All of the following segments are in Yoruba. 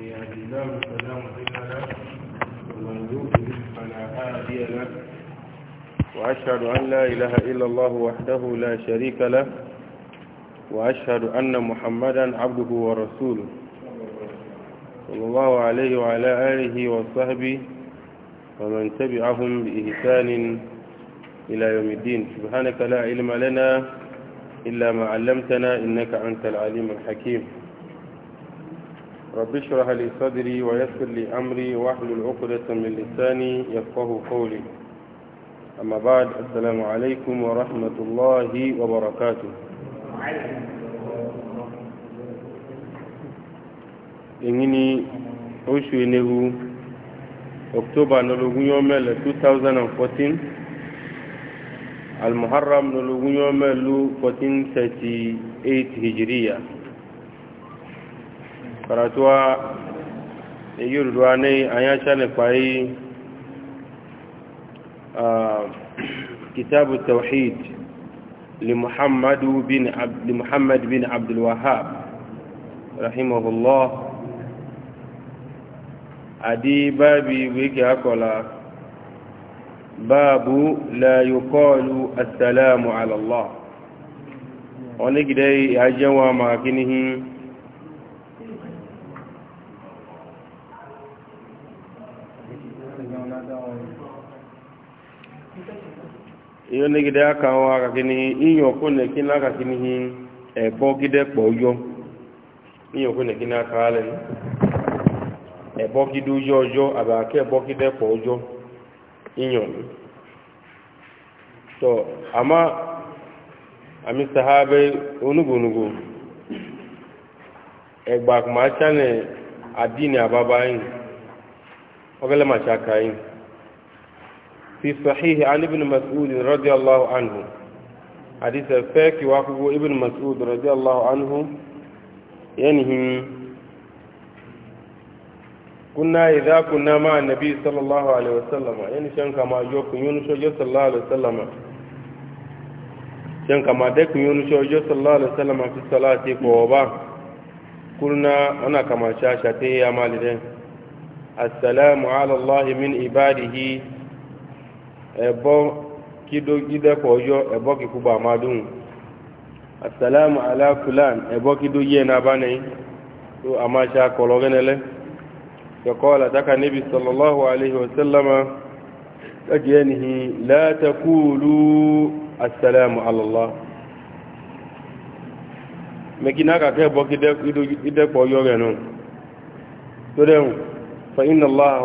الله هادي وأشهد أن لا إله إلا الله وحده لا شريك له وأشهد أن محمدا عبده ورسوله صلى الله عليه وعلى آله وصحبه ومن تبعهم بإحسان إلى يوم الدين سبحانك لا علم لنا إلا ما علمتنا إنك أنت العليم الحكيم رب اشرح لي صدري ويسر لي أمري واحلل عقدة من لساني يفقه قولي أما بعد السلام عليكم ورحمة الله وبركاته إنني oṣù enewu october nologun yọmẹlẹ 2014 almuharram nologun yọmẹlu 1438 hijiriya karatuwa da yi ruruwa ne a ya cale kwayi a kitabu tawhid لمحمد بن عبد الوهاب رحمه الله أدي بابي ويكي أكولا باب لا يقال السلام على الله ونجد أجوى مع كنهم iyo negide aka wa kakini iyo kone kina kakini ebo eh, gide poyo iyo kone kina kale ebo eh, gidu yoyo aba ke ebo gide poyo iyo to ama ami sahabe onugunugu egba eh, kuma chane adini ababa yin ogele machaka yin في صحيح عن ابن مسعود رضي الله عنه حديث الفاكي وافقه ابن مسعود رضي الله عنه ينهي كنا إذا كنا مع النبي صلى الله عليه وسلم يعني شان كما يوك يونس صلى الله عليه وسلم شان كما دك يونس صلى الله عليه وسلم في الصلاة قوبا قلنا أنا كما شاشته يا مالدين السلام على الله من عباده ebo kídójídẹ́pọ̀ ọjọ́ ẹ̀bọ́ kíkúbà máa dùn asalamu alakulan ẹ̀bọ́ kídó yẹ́ na bá nẹ́yìn tó a máa ṣe akọ̀lọ́ gẹ́nẹ́lẹ́ ṣẹ̀kọ́ alàtàkà níbi sallallahu alaihi wasallama fa inna allah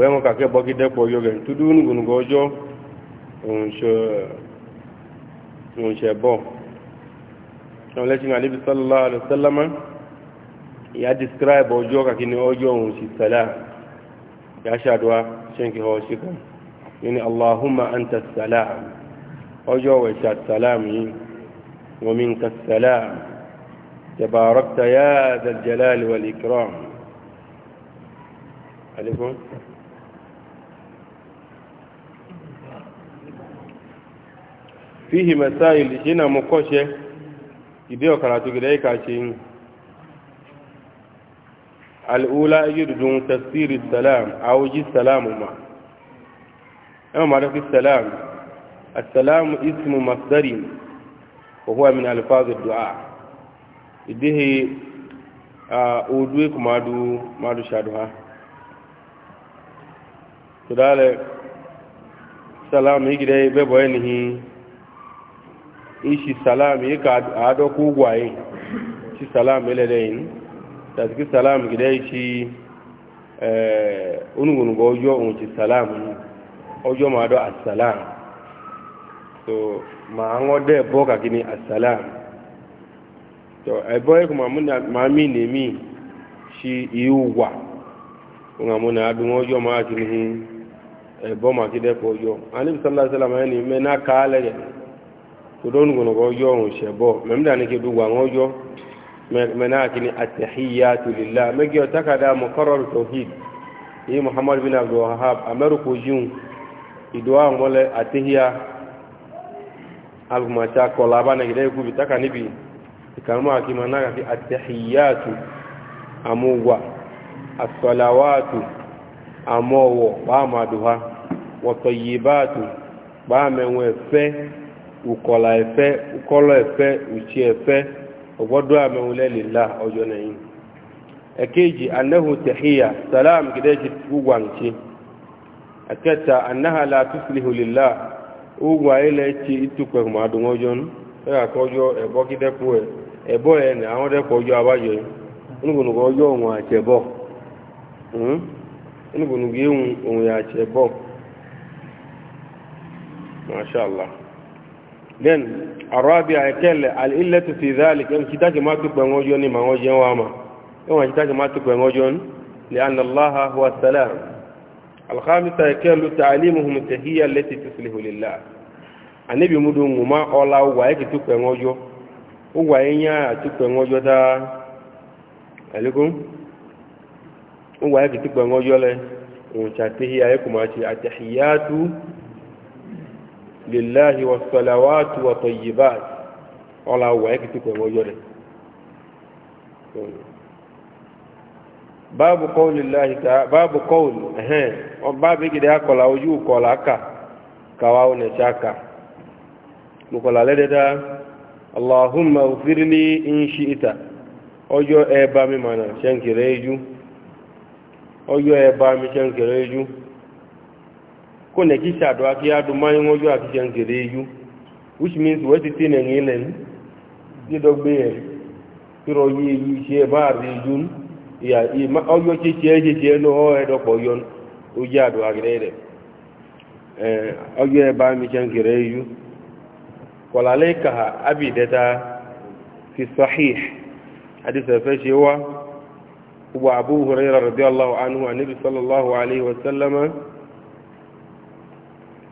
wẹ́n wọn kàkẹ́ bọ́kí dẹ́pọ̀ ọjọ́ rẹ̀ dúdú nùgbùnùgbọ̀ ọjọ́ òǹṣẹ̀ bọ̀ ṣan lẹ́ṣin àníbi sọ́lọ́lá alẹ́sọ́lámá ìyá describe ọjọ́ kàkí ni ọjọ́ òǹṣì sẹ́lá ìyá ṣàdùá ṣẹ́ǹkì họ ṣíkọ́ ní allahumma anta fihi masail ina mu koshe idiyo karatu gidai kacin al'ula yurdun tafsiri salam auji salamu ma yamma marafi salam السلام اسم مصدر وهو من الفاظ الدعاء إديه أودوك مادو مادو شادوها تدال السلام هيك ده بيبوينه ishi salam yi ka ado ku gwaye shi salam ile da yin da suke salam gida yi shi eh, unugun ga ojo unci salam ojo ma do assalam so ma an wadda ebo gini assalam so ebo ya kuma ma mi ne shi iyu gwa kuma muna adun ojo ma a cikin ebo ma kide ko ojo annabi sallallahu ne me na kale kudon gono go yo on shebo mem da ne ke du wa ngojo menakini attahiyatu lillah megi o takada mukarrar tauhid yi muhammad bin abdul wahhab amaru ko jun idwa mole attahiya alguma ta ko laba ne gide ku bitaka ni bi kalma ki manaka ki attahiyatu amugwa as-salawatu amowo ba maduha wa tayyibatu ba menwe fe ukola efe ukolo efe utsi efe ogbodo ame wo lɛ anahu tɛhiya salam gɛdɛ dzi uwaŋtsi aketa anaha la tufilihu lela uwa yi lɛ tsi itukpɛ kuma do ŋɔdzɔ nu ɛyà kɔdzɔ ɛbɔ kidɛ ku ọjọ ɛbɔ yɛ nɛ àwọn dɛ kɔdzɔ allah. then arabi akele al'illatu fi zalik yan kita ke ma tukpe ngojo ni ma ngoje wa ma yan wa kita ke ma tukpe ngojo ni li anna allaha huwa salam alhamisa akelu ta'limuhum tahiyya allati tuslihu lillah anabi mudu nguma ola wa yake tukpe ngojo o wa yanya tukpe ngojo da alaikum o wa yake tukpe ngojo le o cha tahiyya yakuma ci atahiyatu lillahi wasalawatu wa tayyibat ọla wà ẹ́ kìtìkọ̀ ẹ̀wọ̀ yọ rẹ̀ lillahi ta Babu kọ́ọ̀lù ẹ̀hẹ́n ọba abẹ́gidẹ́ akọ̀là ojú kọ̀ọ̀là aka kàwá onẹ̀ṣẹ́ aka mùkọ̀là lẹ́dẹ̀dá allahumma ofirili in ṣi ita ọjọ́ ebe mi mànà ṣẹ́ǹkẹ̀rẹ́ ẹjú ọjọ́ mi kone kisha adu aki adu mayi ngojo akisha ngere yu which means weti tine ngilen didogbe ye kiro yi yu she baari yun ya i ma oyo chi chi eji o edo po eh e, e, ngere yu wala abi deta fi sahih hadith e, fashi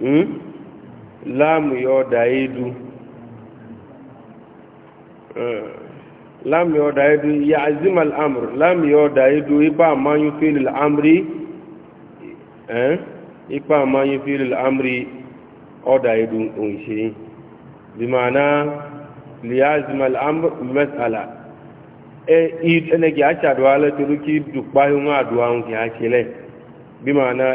Hmm? Lam yọ ọ̀dà edu eh. láàmù yọ ya azim al'amur láàmù yọ ipa amáyún fílì al'amri eh? ipa amáyún fílì al'amri ọ̀dà edu òǹṣe bí azim ma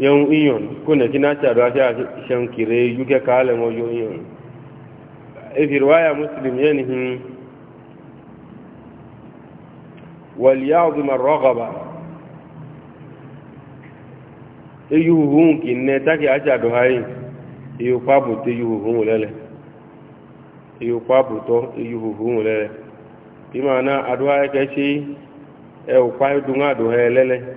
yẹun iyon kó nẹ̀kí náà ṣàdọ̀ aṣẹ́ àṣẹun kìrẹ yúkẹ́ kààlẹ̀ wọn yóò iyon ìfìrìwáyà muslim yẹn ni hin wàlíyà ọdúnmà rọ́gọ̀bà eyu huhun kì nẹ tákì aṣàdọ̀ ayé eyu pàbò tó eyu huhun lẹ́lẹ̀ eyu pàbò tó eyu huhun lẹ́lẹ̀ bí màá ná adúwáyà kẹ́ ṣe ẹ̀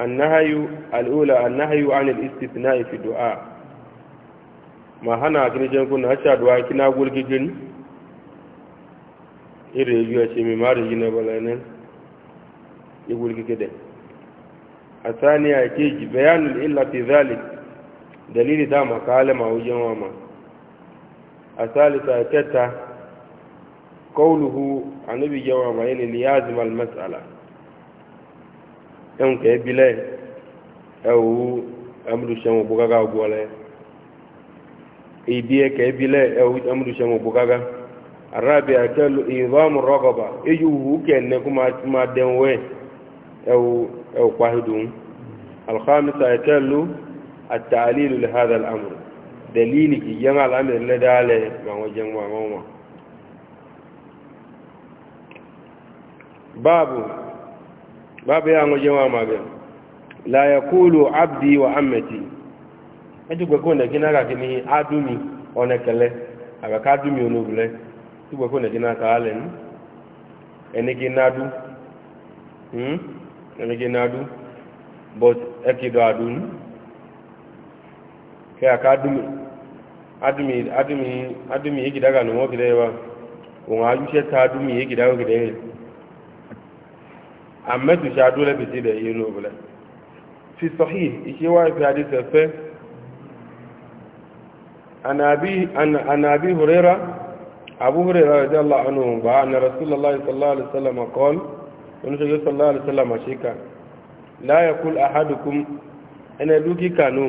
النهي الأولى النهي عن الاستثناء في الدعاء ما هنا أكن جنكون هشا دعاء كنا أقول كجن إيري يجوا شيء ماري جنا بلانين يقول كده الثانية كيج بيان الإلا في ذلك دليل دام قال ما وجن وما الثالثة كتا قوله عن أبي جواب يعني ليازم المسألة ẹ̀hún kẹ́ bí lẹ́ ẹ̀wù amúdùsẹ̀wọ̀n bó gágá ọgbọ́ lẹ́ ìdí ẹ̀ kẹ́ bí lẹ́ ẹ̀wù amúdùsẹ̀wọ̀n bó gágá arabi akẹ́lu ìbámu rọ́gọ̀bà eyi wù kẹ́ ẹ̀nẹ́ kó máa dẹ̀wọ̀n wẹ̀ ẹ̀wù ẹ̀wù pàhídùn alhamisa akẹ́lu àtàlílù lẹ́hàdà àmù dalili kì yẹn alámi lẹ́dàálẹ̀ màwọn jẹun màwọn wọn. báàbù babu ya ngoje wa mabe la yaqulu abdi wa ammati eju gbe ko ne kina ka kini adumi one kele aga adumi ono bule tu kina ka ale ni eni kina du hm eni kina du but ekido adumi adumi adumi yiki daga no mo kide wa o adumi yiki daga kide àmẹ́tù ṣe adó lẹ́bi ti dẹ̀ yé lóògùn lẹ́ fi sọ́hí iṣẹ́ wá fi adé tẹ̀fẹ́ ànàbí hùrẹ́ra abu hùrẹ́ra rẹ̀ jẹ́ láàánú bá ànà rasulallah sallallahu alaihi wasallam kọ́l oníṣẹ́gbẹ́ sallallahu alaihi wasallam ṣíkà láyé kúl àhádùkún ẹnẹ dú kíkà nù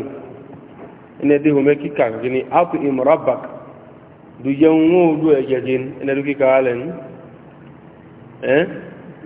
ẹnẹ dí hùmẹ́ kíkà gini ápù ìmọ̀rábàk dùjẹun ó ẹ̀jẹ̀ gini ẹnẹ dú kíkà alẹ́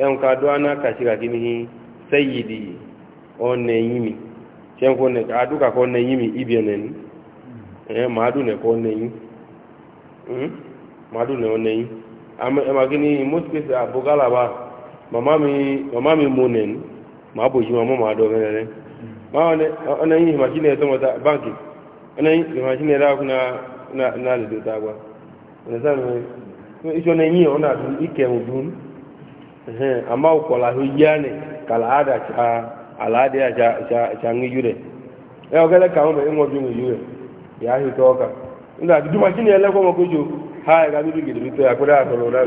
ẹ̀hùn ká dọ́ aná kí ní sẹ́yìdì ọ̀nà ẹ̀yìn mi ṣẹ́nkọ́ ka ọ̀nà ẹ̀yìn mi ibi ẹ̀nà ẹ̀ní ẹ̀ màádùnẹ̀kọ́ ọ̀nà ẹ̀yìn hmm? màádùnẹ̀ ọ̀nà ẹ̀yìn ẹ̀mà kí ní most cases àbúgálàbà màmá mi mú nẹ̀ ní màá bòjì ọ̀nà ẹ̀yìn ọ̀nà ẹ̀yìn ọ̀nà amma ukola hujja ne ada cha alade cha cha cha ngiyure e ogele ka mo ingo e ju ngiyure ya hi toka nda du ma kini ele ko mo kuju ha ga du e, to ya kuda ko lo da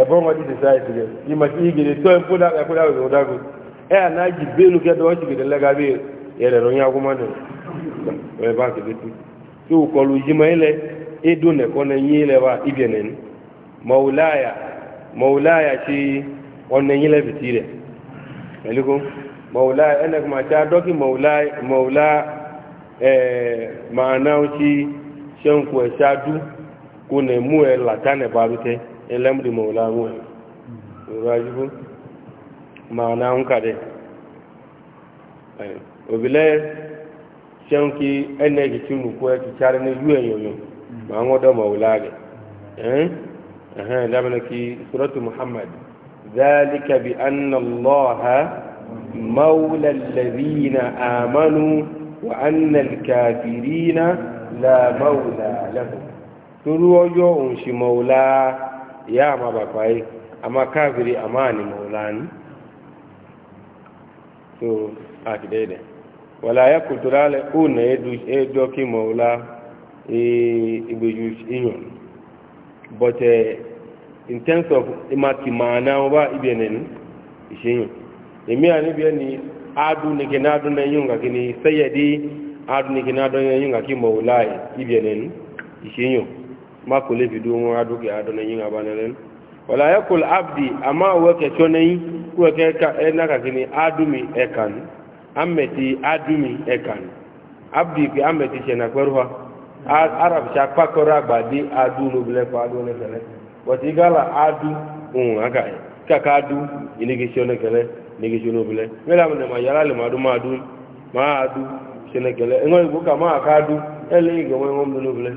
e bo mo di society ge ni ma ti gidi to en da ka kuda lo da ko e na ji belu ke do ji gidi le ga bi yere ro nya ko mo ne e ba ke bi tu tu ko lu ji ma ile edo ne ko ne yin ile ba ibi ne ni maulaya maulaya ci wannan yi labiti da malikun maulaya yana kuma ta doki maula eh, ma'ana ci shan kuwa sadu ko eh, ne muwe latane barute ilamri maula muwe rajibu ma'ana hunka eh? dai obìnrin ṣeun kí ẹnẹ́gì tí mo kọ́ ẹ ti sáré ní yú ẹ̀yọ̀yọ̀ màá ń wọ́dọ̀ ẹ̀hẹ́n lábẹ́lẹ́kì suratu muhammad ذلك بأن الله مولى الذين آمنوا وأن الكافرين لا مولى لهم torí ọjọ́ òun ṣe mọ̀ọ́lá ìyá àmà bàbá yìí àmà káàkiri àmà ní mọ̀ọ́lá ní tó àkìdẹ́dẹ̀ wọ̀lá ayé kòtòrálẹ̀ ó nà ẹ́dọ́ kí mọ̀ọ́lá ìgbèjú ìyàn but uh, in terms of imaki maana wa ibe nenu ishinyo imi ani bi ni adu ni kenadu na yunga kini sayyidi adu ni kenadu na yunga ki maulai ibe nenu ishinyo ma ko le fidu mo adu ke adu na yunga banalen wala yakul abdi ama wa ke chonei wa ke ka ena ka kini adumi ekan ameti adumi ekan abdi ki ameti chena kwerwa arab ṣe apákọ̀rọ̀ àgbàdé adú lóbilẹ́kọ̀ adú ma bọ̀tí gálà adú ohun àgà kàkà adú adu ọlẹ́kẹ̀lẹ́ ìnigisi lóbilẹ́ mẹ́lá mi nà máa yàrá lè máa dún máa dún máa adú ṣẹlẹ̀kẹ̀lẹ́ ẹ̀wọ̀n ìgbó kà máa ká adú ẹ̀lẹ́ ìgbọ̀nwọ́ ẹ̀wọ̀n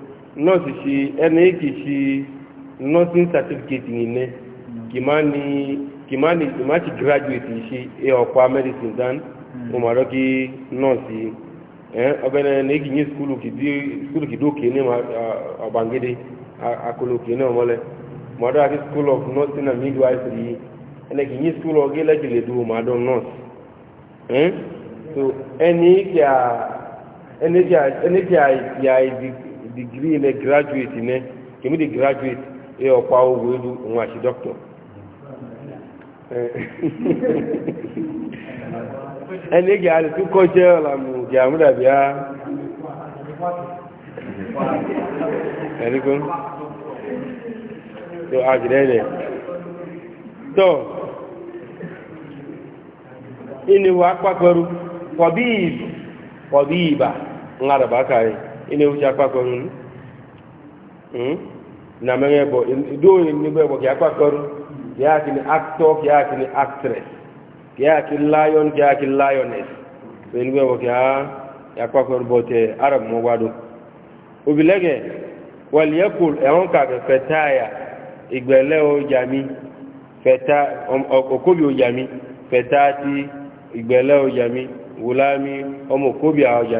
nọ́ọ̀sì ṣe ẹni kì í ṣe nursing certificate nìyẹn kì máa ní kì máa ní kì máa ṣe graduate ṣe ẹ ọ̀pá medicine dan mo máa rọ́ kí nọ́ọ̀sì ọbẹ̀ ẹni kì í ní skulu kì í dókè ní ọ̀bàǹgẹ̀dẹ̀ akọlọ̀kè náà mọ́lẹ̀ mo máa rọ́ kí school of nursing and midwifery yìí ẹni kì í ní skulu ọgẹ́ lẹ́jìnlẹ̀ dúró máa dán nọ́ọ̀sì so ẹni kì í ẹni kì í degree ne graduate ne kemi di graduate e ọkwa ogo elu nwa shi doctor eh. ẹni gẹ̀ alìtú kọ́ jẹ́ ọ̀làmù gẹ̀ àmúdàbí á ẹ̀ríkún tó àjìrẹ́ rẹ̀ tó inú wa ina wuce akpakọ nù na mẹ́rin ẹ̀bọ̀ ìdóòyìn nígbà ẹ̀bọ̀ kì í akpakọ rú kì í àkì ní actor kì í àkì ní actress kì í àkì lion kì í àkì lioness bẹ́ẹ̀ nígbà ẹ̀bọ̀ kì í akpakọ rú bọ̀ tẹ arab mọ́ wá dó òbí lẹ́gẹ̀ wàlíẹ́kù ẹ̀wọ̀n kàkẹ́ fẹ́táyà ìgbẹ̀lẹ́ ọjà mi fẹ́tá òkóbi ọjà mi ti ìgbẹ̀lẹ́ ọjà wùlámi ọmọ òkóbi ọjà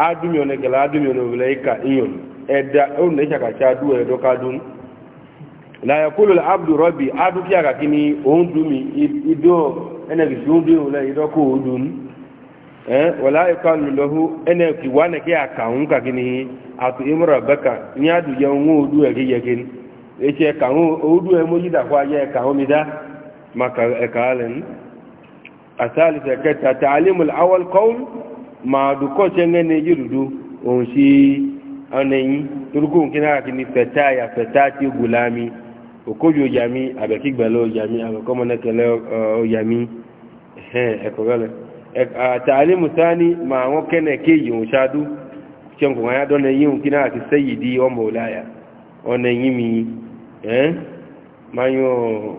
adúmíọ̀ ní kẹlẹ̀ adúmíọ̀ ní òwúlẹ̀ ìkà ìyọ̀n ẹ̀dà òun lè na adú ẹ̀dọ́ kádún láyẹ̀ kó lọ́lẹ̀ abdu rọ́bì adúkí àkàkí ni òun dúmi idó ẹnẹ̀kìsì òun dúmi òun ìdọ́kọ̀ òun dún ẹ̀ wọ̀lá ìkọ́ àlùlọ́hù ẹnẹ̀kì wà ní kí àkàhún kàkí ni ka mi ka ma dukɔ cɛŋɛ ne yirudu òun si ɔnɛ yi toroko nkina kaki ni fɛta ya fɛta ti gulami okoju ojami abɛkigbɛlɛ ojami abɛkɔmɔnɛkɛlɛ ojami hɛn ɛkɔgɛlɛ e e, taale musani ma ŋɔ kɛnɛ keyi òun sadu cɛŋkɔ ŋa ya dɔnɛ yi nkina kaki sɛyi di ɔmɔlaya ɔnɛ yi mi hɛn e, mayɔ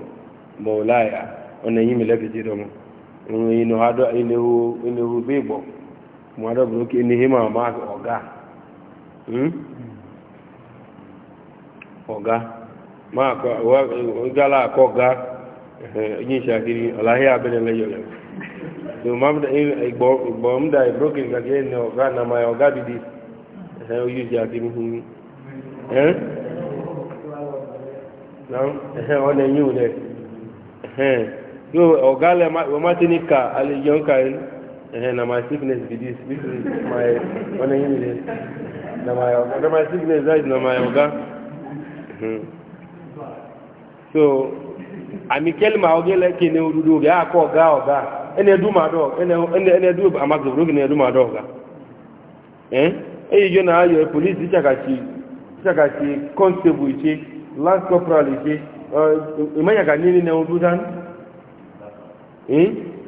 mɔlaya ɔnɛ yi mi lɛ fi ti dɔmɔ ìnù adɔ ìnù ìnù bí gbɔ. mmadụ bụ oke n'ihe ma ama ọga ọga ma gala akọ ọga onye eh, ìṣàkiri ọlahịa abẹ́rẹ́ lẹ́yọ̀lẹ̀ ìgbọ̀ eh, m da ìbrókìn gàgé ní ọ̀gá na ma ọ̀gá dìdì ẹ̀hẹ́ oyú ìṣàkiri hù mí ẹ̀hẹ́ ọ̀nà ẹ̀yìn òun ẹ̀ ọ̀gá lẹ́wọ̀n ti ka àlejò eh na my sickness be this this is my one him dey na my na my sickness that is na my oga so ami kelma oge le kene odudu oge akọ ọga ọga ene du ma do ene ene du amagobro ene du ma do ọga eh eyi yo na ayo police teacher ka ti teacher constable iche lance corporal iche eh imanya ka nini ne odudan eh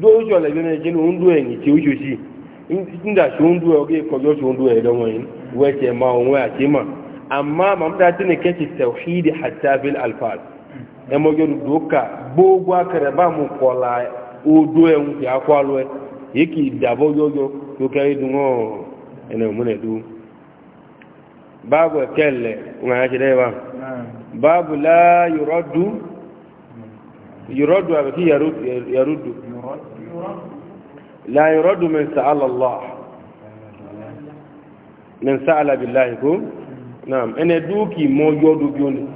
do ojo le bene je ndu en si ndu oge ko jo so ndu e don wen we ma on a ati ma amma ma tini kete tauhid hatta alfaz e mo jo gbogbo akere ba kola odo en ti akwalo e to e. kai o ene mo ne لا يرد من سأل الله من سأل بالله كو نعم أنا دوكي مو يودو بيوني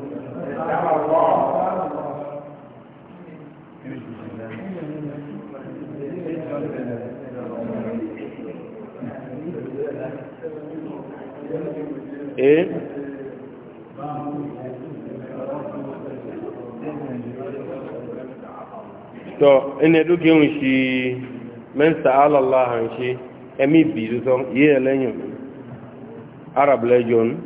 إيه تو أنا دوكي ونشي من سأل الله عن شيء أمي بيزوتون يلين عرب لجون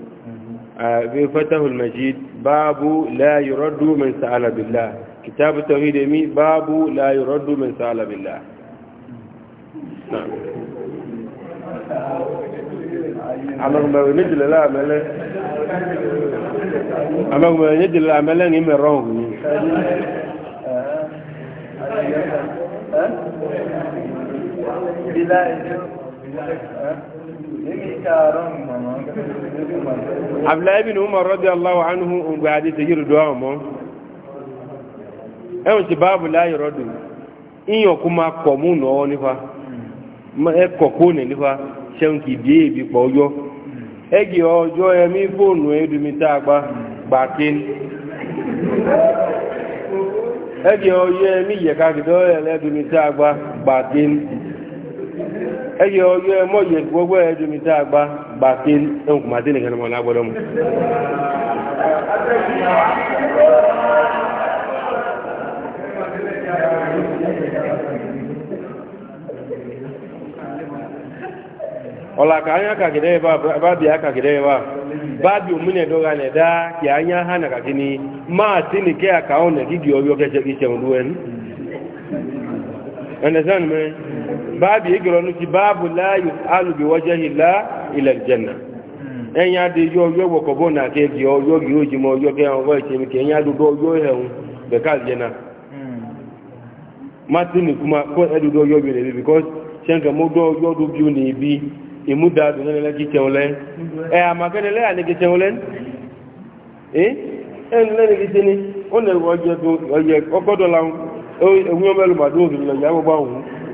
في فتح المجيد باب لا يرد من سأل بالله كتاب التوحيد أمي باب لا يرد من سأل بالله نعم أمام يجل لا أملا أمام يجل لا أملا يمرهم bila abdullahi bin umar radiyallahu anhu ungbe hadith yiru do amo e won ti babu la yirodu iyan kuma ko mu no nifa ma e ko ko ne nifa seun ki die bi po ojo egi ojo e mi phone e du mi ta gba gba kin egi ojo e mi ye ka ki do e le du mi ta gba gba kin ẹyẹ ọyọ ẹmọ yẹ gbogbo ẹdùnmí tá a gbá gbà pé ẹun kò máa dé nìkan ọmọ lágbọ́dọ̀ mu. ọ̀làkà anya kàkìdẹ́ bá bí a kàkìdẹ́ bá òmìnà ẹ̀dọ́gà nẹ̀ dá kì ha nà kàkì ni máa tí ní kẹ́ àkàwọn nẹ̀ ọyọ kẹ́kẹ́ kí ṣẹ̀wọ̀n lúwẹ́ni. ẹ̀ndẹ̀sán mẹ́rin báàbì ìgbèrò ní ti báàbù láàyò alùbí wọ́jẹ́ ìlà ilẹ̀ ìjẹ̀nà ẹ̀yìn adé yọ yọ wọ̀kọ̀ bọ́ náà kéèkì ọyọ́ kìí ojúmọ́ ọyọ́ kẹ́ àwọn ọwọ́ ìṣẹ́mi kẹ́ ẹ̀yìn adúgbò yọ ẹ̀hún bẹ̀ká ìjẹ̀nà hmm. martin kuma kó ẹ̀dúgbò yọ bìrẹ̀ bí because ṣẹ́ǹkà mọ́ dọ́ yọ dún bí ó ní ibi ìmúdàdùn nílẹ̀ kí tẹ̀wọ́n lẹ́n ẹ̀ àmàkẹ́lẹ́lẹ́ àníkí tẹ̀wọ́n lẹ́n ẹ̀ ẹ̀ nílẹ̀ ní kí tẹ́ni ó nẹ̀rọ ọjọ́ ọgọ́dọ̀ làwọn ẹ̀wọ́n mẹ́lùmọ́dún òfin lọ ìyá gbogbo àwọn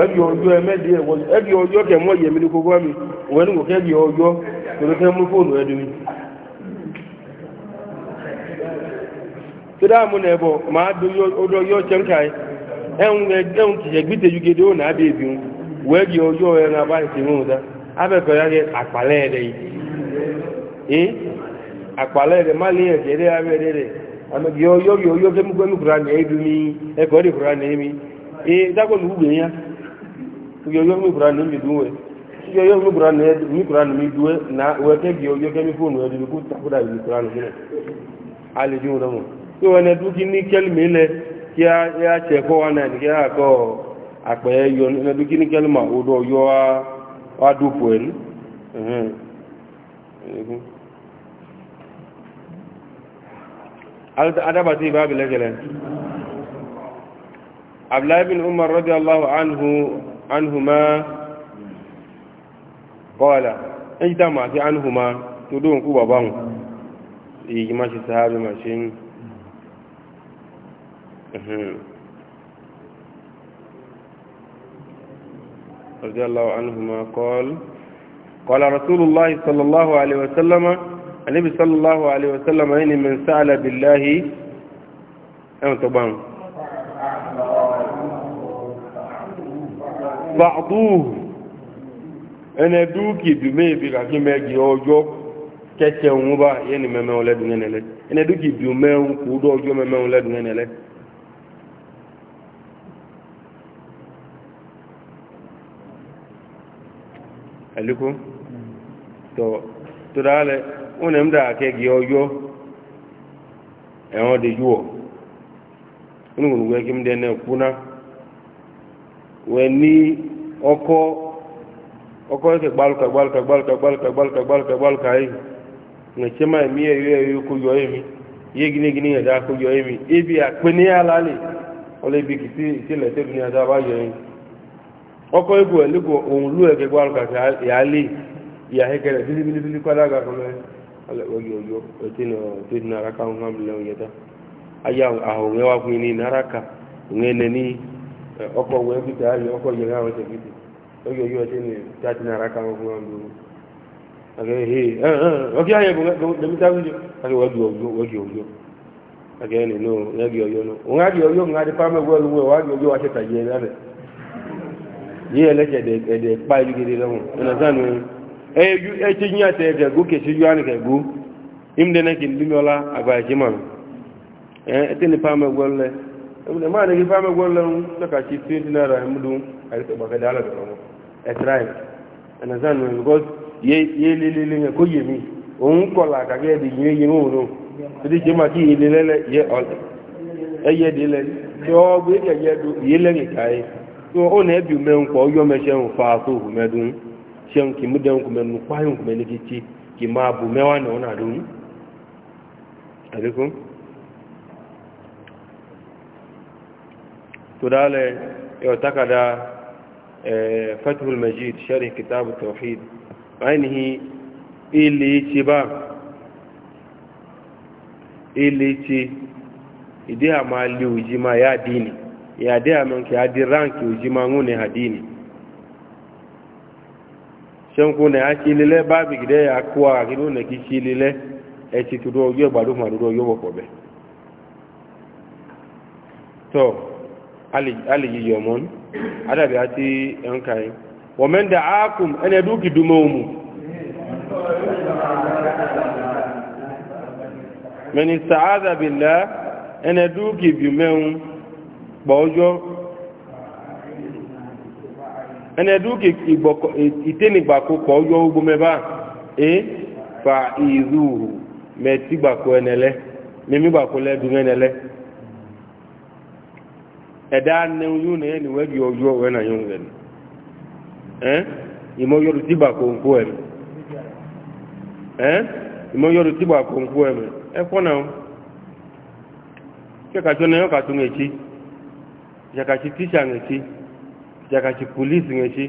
ẹbí ọjọ́ eme ẹ̀wọ́n ẹbí ọjọ́ kẹmọ́ yẹ̀mí ní kókó mi òun ẹni kò kẹ́bí ọjọ́ torí kẹ́ mú fóònù ẹ̀dùn mi. tó dáàmú nà ẹ̀bọ̀ máa dún ọjọ́ yọ ṣẹ́ńkà ẹ̀ ẹ̀hún kìí gbíte yugede ó nàá bèbí wọn wọ́n ẹbí ọjọ́ ẹ̀rọ abá ìsinmi wọn dá abẹ́kọ̀ọ́ yá kẹ àpàlẹ́ ẹ̀rẹ́ yìí àpàlẹ́ ẹ̀rẹ́ má lé ẹ̀jẹ̀ ya yoyo mi bura ni mi duwe yoyo mi bura ni mi bura ni mi duwe na we ke gi yoyo ke mi fonu e du ku ta ku da mi bura ni ne ale ju do mo so we ne du mi le ki a ya che ko wa na ni ki a ko ape yo ne du ki ni kel ma o do yo a wa du po en eh adabati babu lagelen abdullahi bin umar radiyallahu anhu عنهما قال اجتمع في عنهما تدون كوبا بان يجمع الصحابي ماشين رضي الله عنهما قال قال رسول الله صلى الله عليه وسلم النبي صلى الله عليه وسلم إن من سأل بالله أن تبان bàdúù ẹnẹ dúkì dùmé bí kàkí mẹ́gì ọjọ́ kẹ́kẹ́ òun bá yẹni mẹ́mẹ́ òun lẹ́dùn ẹnẹ̀lẹ́ ẹnẹ dúkì dùmé òun kò dọ́ ọjọ́ mẹ́mẹ́ òun lẹ́dùn ẹnẹ̀lẹ́ ẹ̀lúkú tọ́ tó dáálẹ̀ ó nẹ̀ ń dà kẹ́gì ọjọ́ ẹ̀wọ̀n dèjú ọ̀ nínú gbogbo ẹkí ń dẹ́nẹ̀ kúná wẹni ọkọ ọkọ yẹ kẹ gbaluka gbaluka gbaluka gbaluka gbaluka ka gbaluka yi ŋa tsema yi mi yẹ yọ yọ yi mi yẹ gini gini yẹ da yọ mi ebi ala da yọ yi ọkọ yẹ bu ẹni òun lu yẹ kẹ gbaluka kẹ yà li yà hẹ kẹlẹ bilibili kpadà gà kọlọ ọkọ̀ wọ ẹgbẹ̀ta ayé ọkọ̀ yẹra àwọn ṣẹ̀gbẹ̀tì oge yóò ṣe ní jáde náà rákà wọn fún wọn lóru àgẹ́ ẹ̀ ẹ̀ ọkẹ́ ayé lẹ́mítà wíjọ àgẹ́ wọ́n di ọjọ́ àgẹ́ nínú ẹgbẹ̀ ọjọ́ náà òun á di ọjọ́ á di di ọjọ́ yíyẹ lẹ́sẹ̀ ẹ̀dẹ̀ pa lọ́wọ́n ibn ma ne gifa me gollon saka ci 20 naira mudu a rike baka da Allah da mu a try ana zan no because ye ye le le ne ko yemi on ko la ka ge di ye ye mu no di je ma ki le le le ye all e ye di le do gbe ke ye du ye le ni kai to o ne bi me nko yo me se nfa to hu me dun se nki mu den ku me nu pa yun ku me ni ki ki ma bu me wa no na dun alaikum تدال يعتقد فتح المجيد شرح كتاب التوحيد عينه إلي تبا إلي تي إدي أمالي وجما يا ديني يا دي أمانك يا دي رانك وجما ngune hadini ṣẹ́nkú ní akílilẹ́ báàbì gidẹ́ akó àkínú ní kí kílilẹ́ ẹ̀tì tó dọ́ ọjọ́ ìgbàdó màdúró yóò wọ̀pọ̀ bẹ́ẹ̀ aliyi yomon adabi ati yankai wa man da'akum an yaduki dumawmu man ista'adha billah an yaduki bimeun bojo an yaduki iboko iteni bako bojo ugbo meba e fa izuhu metigba ko enele mimi bako le du enele ẹ̀dá nẹun yóò nẹ́ ni wẹ́ẹ̀dì ọjọ́ ọ̀wẹ́ náà yóò rẹ̀ ẹ́ ìmọ̀yọ́rù tíbà kò ń kó ẹ̀ mẹ́ ẹ́ ìmọ̀yọ́rù tíbà kò ń kó ẹ̀ mẹ́ ẹ kọ́ náà ṣẹ́kàtọ́ náà yọ́kà tó ń ẹ̀kí ṣẹ́kàtì tíṣà ń ẹ̀kí ṣẹ́kàtì pòlíìsì ń ẹ̀kí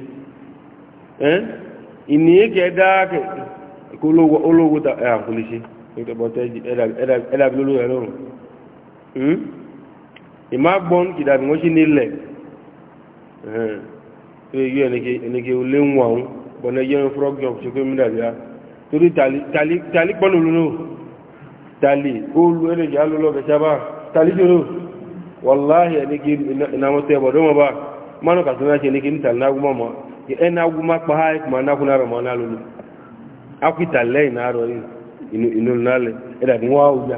ẹ́ ìníyẹ́kẹ́ ẹ̀dá olówó ta ẹ̀ ima gbon kida ɛɛ, ngoshi nile eh yo eneke eneke ule nwa un bona yo frog job chiko mi da ya turi tali tali tali gbon n'o tali olu ere ja lulu be chaba tali juru wallahi eneke na mo te bodo mo ba mano ka tuna che eneke ni tali na guma mo ye ena guma pa hai ma na kuna ro mo na tali akita le na ro inu inu nale era ni wa uja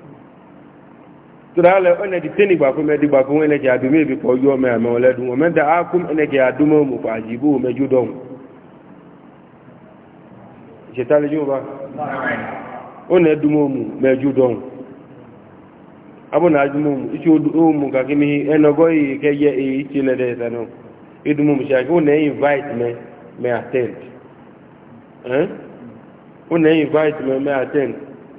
tura le one di teni gba fun me di gba fun ene ja bi ko yo me ame ole du me da akum mu fa jibu me je tale ju ba mu me abu na ju mu ichi o mu ka kini eno ke ye e ti de mu invite me me invite me me attend hm?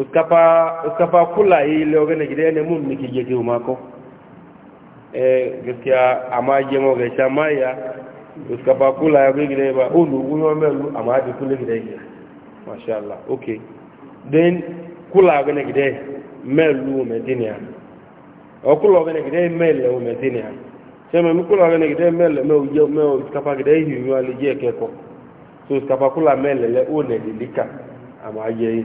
uskapa uskapa kula yi loge ne gide ne mun niki je kiwo mako eh gaskiya amma je mo ga shamaya uskapa kula ya gide ba ulu uyo melu amma di kula gide masha Allah okay then kula ga ne gide melu medina o kula ga ne gide melu medina sema mi kula ga ne gide melu me uyo me uskapa gide yi yo ali je keko so uskapa kula melu le o dilika amma je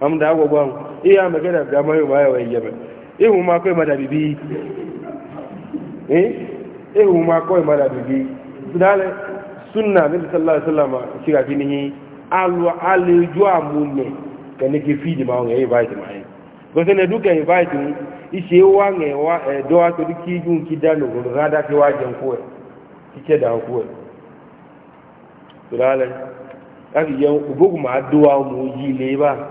amda agwagwa iya magana ga mai baya wa yabe ihu ma koi mada eh ihu ma koi ma da dale sunna nabi sallallahu alaihi wasallam shiga kinihi alu ali jua munne ma ngai eh, bai mai eh. ko sene duka invite eh, ni ishe wa ngai wa do ato jun go rada ki ko da ko dale yan ubugu ma duwa mu yi le ba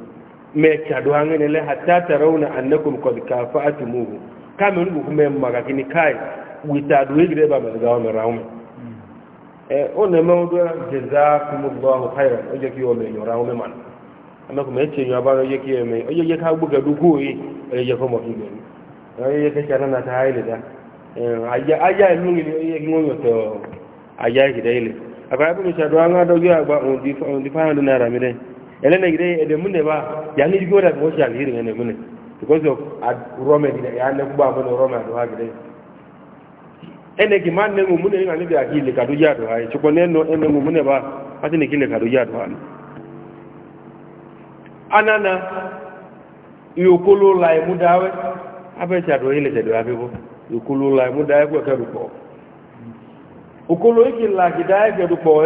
me kyado hangene le hatta tarawna annakum qad kafa'tumuhu kamen ku kuma maga kini kai wita duwe gire ba maga wa rawum eh ona mawdu jazakumullahu khairan oje ki yo me rawum man amma kuma yace yo ba oje ki me oje ye ka buga duku yi oje ye ko mo ki gani oje ye ka kana ta haile da eh, aya aya lu ni oje ki ngonyo to aya ki dai le akwa ibn shadwa nga dogi agba on di on di fa ndo na ramide elene gire ede mune ba yani yugo da mo sha gire ene mune because of ad rome gire ya kuba mo no rome do ene ki ne mune ni ani bi akile ka do ya ne no mune ba ati ne kile ka do anana yokolo la mu dawe abe cha do ile cha do abi la mu dawe ko ka do ko la ki dawe ke do ko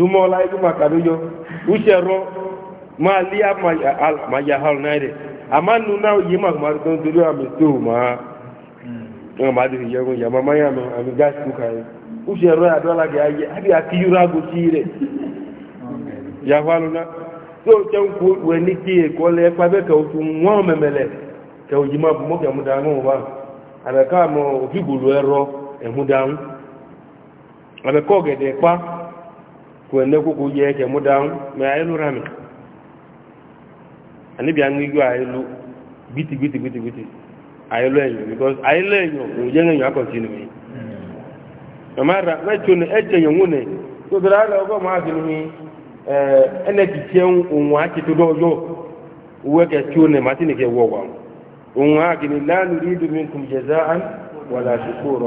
dumola ibu makadujo usero ma liya ma ya hal naire amma nuna yi ma kuma don duru a ma hmm. nga ma duru yago ya mama ya ma ami gas ku kai ya dola ga ayi abi akiyura go tire ya waluna so ku weni pa be memele bu mo ga da ba ka mo ero e ko gede kwende kuku je ke mudan me ayelu rami ani bi angi gwa ayelu biti biti biti biti ayelu enyo because ayelu enyo o je enyo continue amara na chune eje nyune to dara la go ma eh ene ti unwa to dojo uwe ke chune ma ke wo wa unwa la nuridu minkum jazaan wala shukura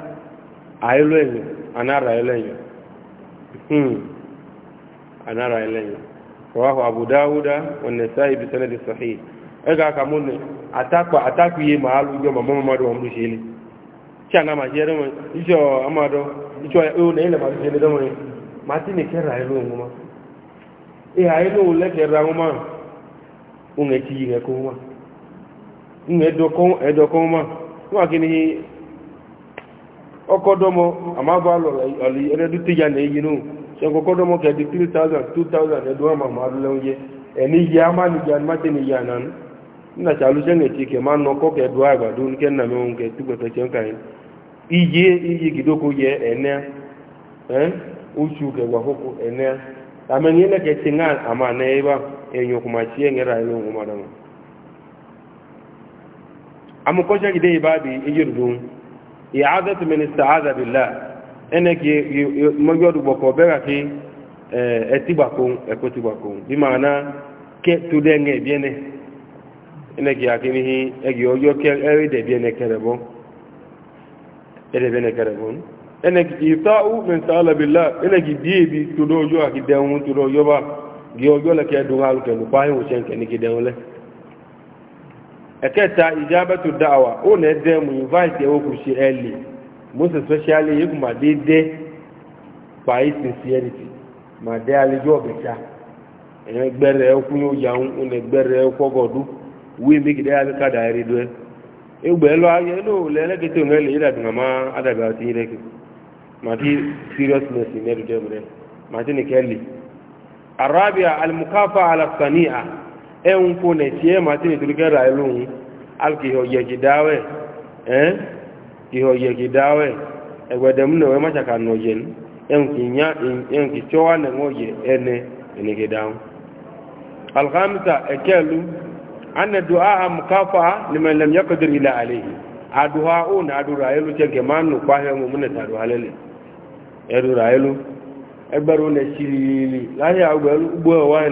àìlò ẹ̀yìn anára ẹlẹ́yìn anára hmm. ẹlẹ́yìn rọwáhù àbúdáwúdá ọ̀nẹ̀sá ibi sẹ́lẹ̀dì sàhí ẹgbà kàmú ní àtàkùyé màá lójọ màmọ́ mọ́mọ́dọ̀ wọn lóṣe ilé tí a náà máa jẹ́ rẹ̀wọ̀n iṣọ́ amádọ́ iṣọ́ ẹ̀hún ilẹ̀ máa ṣe lẹ́dọ́wọ̀n ọkọ̀dọ́mọ àmábàlọ̀ ẹ̀rẹ́dútẹ́yà ní èyí nù ṣẹkọ̀kọ́dọ́mọ kẹ̀dí 3000 2000 ẹ̀dùn àmà àmàlẹ́oúnjẹ ẹni yẹ amánijẹ animátẹ́niyà nánú nígbà tí alùsẹ́nì ti kẹ̀ máa ń nọkọ́ kẹ̀dùn àgbàdo ní kẹ́nà mẹ́wọ́n kẹ̀ túgbẹ̀tẹ̀ ṣe ń kàyín iye iye gidoko yẹ ẹ̀nẹ́ oṣù kẹwà kókó ẹ̀nẹ́ àmẹ́ni ẹlẹ́kẹ̀ ti ń àmà náà yẹ bá ẹ̀yìn òkùnmàṣí ẹ̀ngẹ́ra ẹ̀lẹ́ ìbáàbí iye òdòdó i'adatu min ista'adha billah ene ki mojodu boko bega ki etiba kun kun ke tudenge biene ene ki akini hi egi ojo ke de biene kerebo biene kerebo ene ki min ene ki ba gi ojo le ke eketa ìjábẹ́tò dáwà ó lẹ́ dẹ́ mú invite ẹwọ́ kò ṣe ẹlẹ̀ most especially yìí ma máa dé dẹ́ pàì sincerity máa dẹ́ alẹ́jọ́ ọ̀bẹ̀ta ẹ̀yẹn gbẹ́rẹ̀ ẹkún yóò yà ń ọ̀nà gbẹ́rẹ̀ ẹkọ́gọ̀dú wí méjì dẹ́ alẹ́ kàdà ẹ̀rí dọ́ ẹ egbò ẹ lọ ayé ló lẹ́lẹ́gẹ̀tẹ̀ òun ẹlẹ́ ìdàdùn àmọ́ adàbẹ̀ ma ilẹ̀ kì ma ti seriousness ní ẹ̀dùn ti ẹ̀hún kò nẹ̀ tí ẹ máa tí nítorí kẹ́rà ẹ lóhun alkìhọ̀yẹ̀kì dáwẹ̀ ẹ́n kìhọ̀yẹ̀kì dáwẹ̀ ẹgbẹ̀dẹ̀múnà ẹ máṣàkà nà ọ̀yẹ̀ kì aha aduha na adura elu tẹ nù pàhẹ́ mu múnẹ̀ tàdù alẹ́lẹ̀ ẹdura elu ẹgbẹ̀rún láyé gbọ́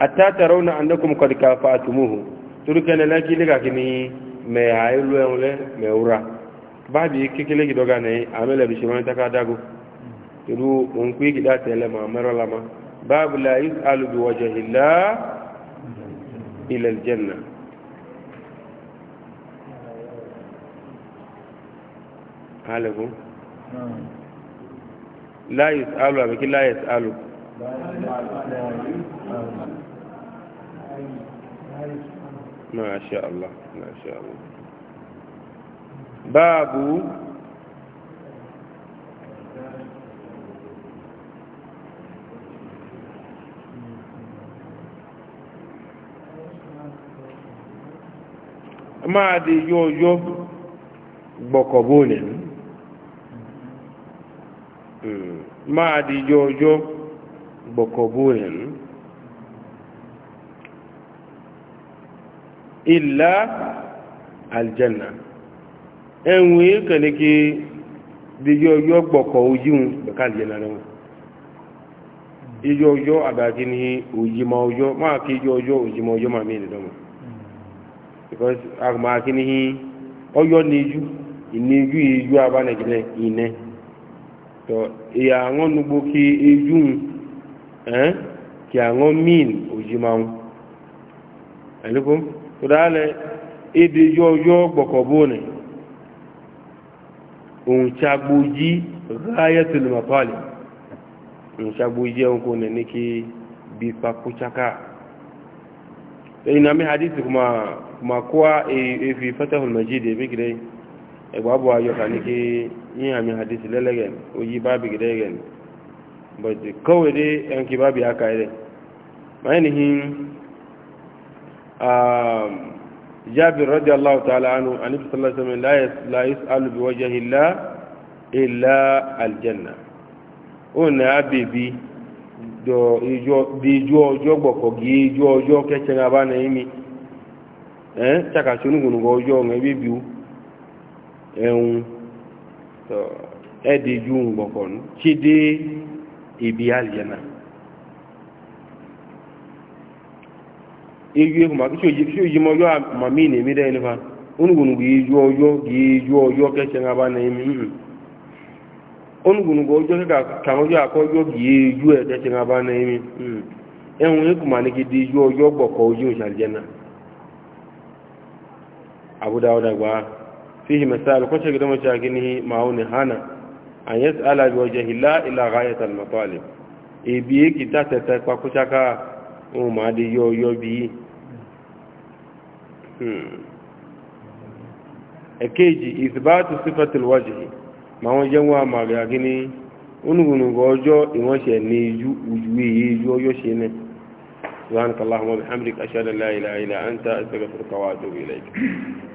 hatta tarawna annakum qad kafa'tumuhu turkana laki liga kini me ayulu enle me ura babi kikile gidoga ne amela bishimani takadago turu unku gida tele ma marala ma babu la yusalu bi wajhi llah ila aljanna halakum hmm. la yusalu abiki la ما شاء الله ما شاء الله باب máa di yóòyó gbọ̀kọ̀bónì hmm. máa di yóòyó bokobuhin illa aljanna ẹ̀wọ̀n kẹ̀lẹ́kẹ́ díjú yọ gbọ̀kọ̀ ojíun bẹ̀ká aljanna rẹ̀ díjú ọjọ́ àbájí ní òjìmọ̀ ọjọ́ máa kí díjú ọjọ́ òjìmọ̀ ọjọ́ máa mẹ́rin lọ́mọ̀ because àgbà kí ní ọjọ́ níjú ìníjú ìjú abánẹ̀jẹ̀lẹ̀ ìnẹ́ tọ́ ìyà àwọn nugbó kí ejúun ɛn kì àŋɔ míìn òjìmáwó ẹ̀lẹ́kọ́ tó dáálẹ̀ èdè òun ṣàgbójí tó òun ṣàgbójí ẹ̀hún nẹ̀ ní kí bí pakúchaka lẹ́yìn mi hadithi kuma efi fatahul ní kí yíyan hadithi lẹ́lẹ́gẹ̀ oyi bá bi but kawai dai yanki babu ya kayi dai ainihin um, jabir radiyallahu ta'ala anu a nufi sallallahu lais la yas'alu bi wajhillah illa aljanna ona abibi do ijo di ijo ojo gboko gi ijo ojo kece na ba na imi eh chaka chunu gunu go ojo nge bibiu ehun to e ju gboko chide ebi aliyana eyu ehu ma kisho yi mo yo ma mi ne mi da ni fa onugunu gi eju oyo gi eju oyo ke se nga ba na mi onugunu go ojo ke ka ka ojo akojo gi eju e ba na mi ehun eku ma ni ki di eju oyo gbo ko oju aliyana abu dawuda gba fihi masal ko hana an yas'ala bi wajhi la ila ghayat al matalib e bi ki ta ta ta pa kuchaka o ma de yo yo bi hmm èkejì ithbatu sifati al wajhi ma won jenwa ma ga gini unugunu gojo iwon se ni ju uju yi ju yo se ne subhanakallahumma wa bihamdika ashhadu an la ilaha illa anta astaghfiruka wa atubu ilaik